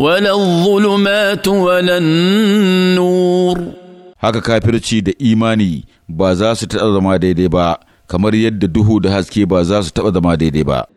ولا الظلمات ولا النور haka kafirci da imani ba za su taɓa zama daidai ba kamar yadda duhu da haske ba za su taɓa zama daidai ba